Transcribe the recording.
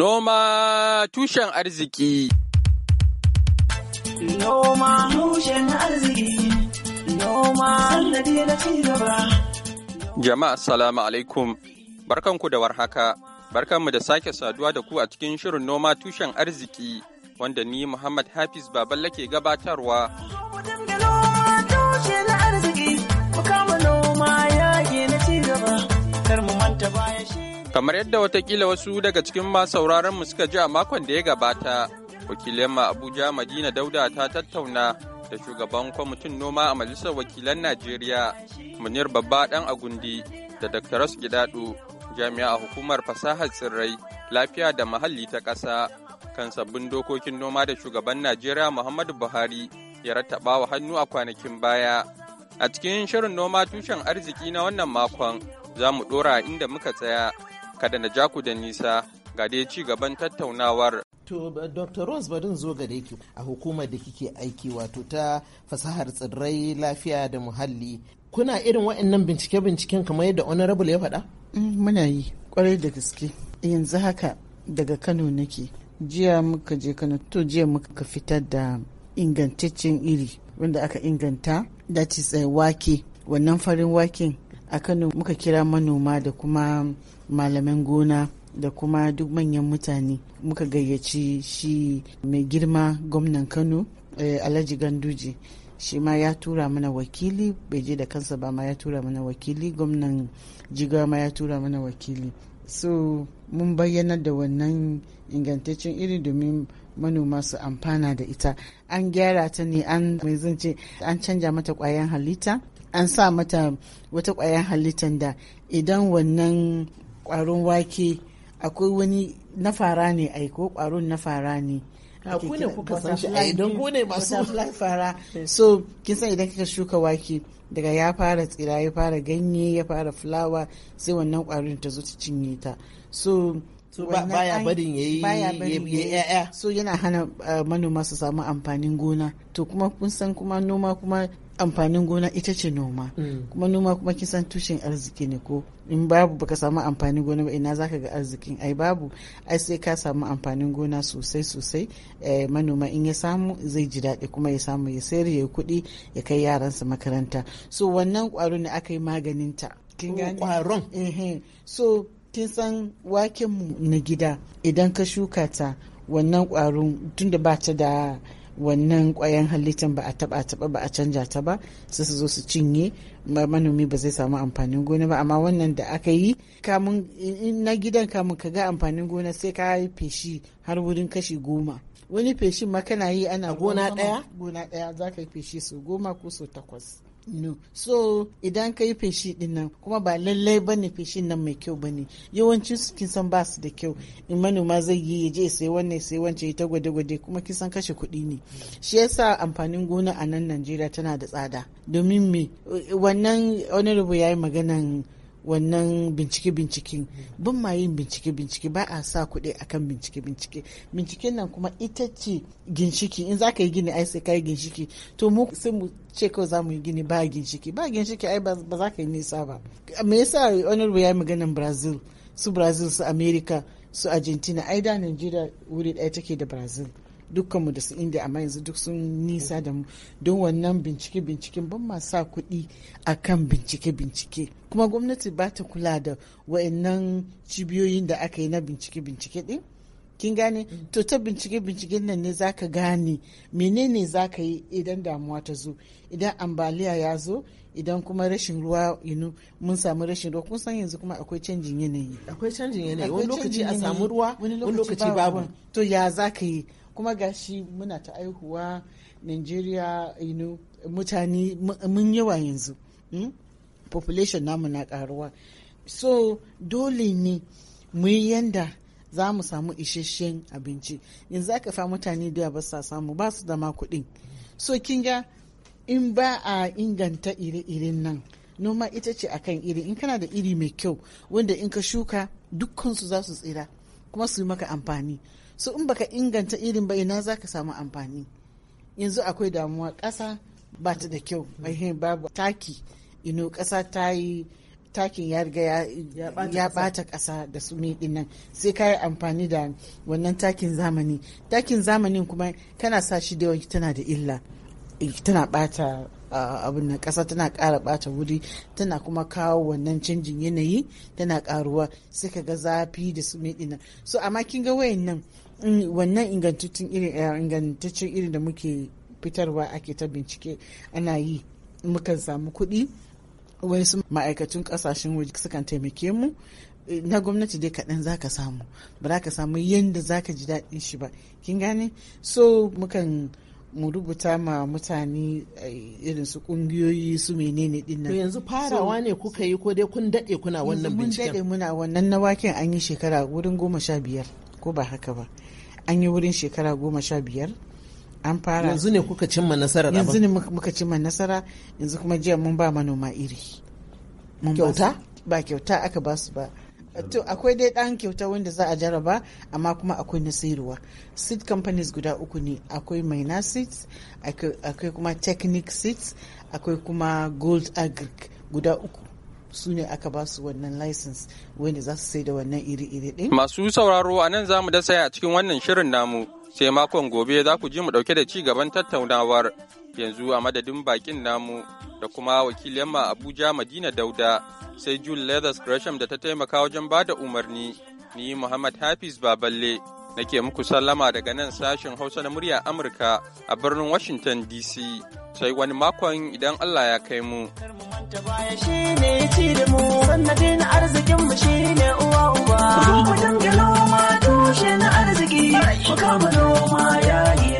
Noma tushen arziki. Noma tushen arziki. Noma Jama'a salamu alaikum. Barkanku da warhaka. Barkanmu da sake saduwa da ku a cikin shirin noma tushen arziki wanda ni Muhammad Hafiz Baballa ke gabatarwa. Noma yaƙi na cigaba, kar mu manta baya shi. Kamar yadda watakila wasu daga cikin masu mu suka ji a makon da ya gabata, wakilin ma Abuja Madina Dauda ta tattauna da shugaban kwamitin noma a Majalisar Wakilan Najeriya, Munir Babba Dan Agundi da Dr. Rasu Gidadu, jami'a a hukumar fasahar tsirrai, lafiya da muhalli ta ƙasa kan sabbin dokokin noma da shugaban Najeriya Muhammadu Buhari ya rattaba wa hannu a kwanakin baya. A cikin shirin noma tushen arziki na wannan makon, za mu ɗora inda muka tsaya kada na jaku da nisa ga dai ci gaban tattaunawar. To Dr. Rose barin zo gare ki a hukumar da kike aiki wato ta fasahar tsirrai lafiya da muhalli. Kuna irin waɗannan bincike-binciken kamar yadda Honorable ya faɗa? Mm, muna yi kwarai da gaske. Yanzu haka daga Kano nake. Jiya muka je Kano to jiya muka fitar da ingantaccen iri wanda aka inganta that is eh, wake wannan farin waken a kano muka kira manoma da kuma malaman gona da kuma duk manyan mutane muka gayyaci shi mai girma gwamnan kano eh, alhaji Ganduji shi ma ya tura mana wakili bai je da kansa ba ma ya tura mana wakili gwamnan jiga ma ya tura mana wakili so mun bayyana da wannan ingantaccen iri domin manoma su amfana da ita an gyara ta ne an mai zance an canja mata kwayan halitta an sa mata wata ƙwayar halittar da idan wannan ƙwaron wake akwai wani na fara ne aiko ƙwaron na fara ne ku ne kuka san shi fara so kin san idan kika shuka wake daga ya fara tsira ya fara ganye ya fara fulawa sai wannan kwarin ta zo ta cinye ta so baya barin ya yi so yana hana eh, manoma su samu amfanin gona to kuma kun san kuma noma kuma amfanin gona ita ce noma mm. kuma noma kuma kisan tushen arziki ne ko in babu baka samu amfanin gona ba ina zaka ga arzikin ai babu ai sai ka samu amfanin gona sosai sosai eh, manoma in ya samu zai ji daɗi kuma ya samu ya sayar ya kuɗi ya kai yaransa makaranta so wannan ƙwaro ne aka yi maganin ta kin ƙwaron so kin san waken mu na gida idan ka shuka ta wannan ƙwaron tunda ba ta da wannan kwayan halittar ba a taba taba ba a canja ta ba su su zo su cinye manomi ba zai samu amfanin gona ba amma wannan da aka yi na gidan kamun ka ga amfanin gona sai ka feshi har wurin kashi goma wani feshin ma kana yi ana gona daya gona daya za ka yi feshi su goma ko su takwas no so idan ka yi feshi din nan kuma ba lallai ba ne feshin nan mai kyau ba ne yawancin su kin san ba su da kyau in manoma zai yi ya je sai wannan sai wancan ta gwade-gwade kuma kin san kashe kuɗi ne shi yasa amfanin gona a nan Najeriya tana da tsada domin me wannan honorable ya yi maganan wannan bincike-bincike bin ma yin bincike-bincike ba a sa kuɗi kan bincike-bincike Bincike nan kuma ita ce ginshiki in za ka yi gini ai sai ka yi ginshiki to mu sai mu ce kawai za mu yi gini ba ginshiki ba ginshiki ai ba za ka yi nisa ba me yasa honorable ya yi maganan brazil su brazil su america su argentina ai da nigeria wuri ɗaya take da brazil dukkanmu da su inda amma yanzu duk sun nisa da mu don wannan bincike binciken ban ma sa kuɗi a kan bincike bincike kuma gwamnati ba ta kula da wa'annan cibiyoyin da aka yi na bincike bincike ɗin kin gane to ta bincike bincike nan ne za ka gane menene za ka yi idan damuwa ta zo idan ambaliya ya zo idan kuma rashin ruwa inu mun samu rashin ruwa kun san yanzu kuma akwai canjin yanayi akwai canjin yanayi wani lokaci a samu ruwa wani lokaci babu to ya za ka yi kuma gashi muna ta aihuwa nigeria mutane mun yawa yanzu hmm? population namu na karuwa so dole ne mu yi yanda za mu samu isasshen abinci yanzu aka fa mutane da ba sa samu ba su da ma kuɗi. so kin in ba a inganta ire-iren nan noma ita ce a kan iri in kana da iri mai kyau wanda in ka shuka dukkansu za su tsira kuma su yi maka amfani su in baka inganta irin ba ina zaka samu amfani yanzu akwai damuwa ƙasa ba ta da kyau mm. babu taki ino ƙasa ta yi takin ya riga ya bata ƙasa da su mai nan sai ka yi amfani da wannan takin zamani takin zamanin kuma kana sa shi da yawanci tana da illa eh, tana bata abin nan ƙasa tana ƙara bata wuri tana kuma kawo wannan canjin yanayi tana ƙaruwa sai ka ga zafi da su mai nan so amma kin ga wayan nan wannan ingantaccen irin eh, ingantaccen iri da muke fitarwa ake ta bincike ana yi mukan samu kuɗi wasu ma'aikatun ƙasashen waje sukan taimake mu na gwamnati dai kaɗan za ka samu ba za ka samu yadda za ka ji daɗin shi ba kin gane so mukan mu rubuta ma mutane eh, irin su kungiyoyi su menene din nan. yanzu farawa ne kuka yi ko dai kun daɗe kuna wannan binciken? Mun daɗe muna wannan na waken an yi shekara wurin goma sha biyar ko ba haka ba. an yi wurin shekara goma sha biyar an fara yanzu ne kuka cimma nasara yanzu ne muka cimma nasara yanzu kuma jiya mun ba manoma iri kyauta ba kyauta aka ba su ba to akwai dai dan kyauta wanda za a jaraba amma kuma akwai na sayarwa seed companies guda uku ne akwai maina seeds akwai kuma technic seeds akwai kuma gold agric guda uku su ne aka ba su wannan license wanda za su sai da wannan iri-iri din. Masu sauraro a nan za mu dasa a cikin wannan shirin namu sai makon gobe za ku ji mu ɗauke da ci gaban tattaunawar yanzu a madadin bakin namu da kuma wakilin ma Abuja Madina Dauda sai Jule Leathers Gresham da ta taimaka wajen ba da umarni ni Muhammad Hafiz Baballe nake muku sallama daga nan sashen Hausa na murya Amurka a birnin Washington DC sai wani makon idan Allah ya kai mu. da baya shi ne ci da mu sannadin arzikin mu shine uwa uwa uba. Mu dinga noma tushe na arziki, mu kama noma yayi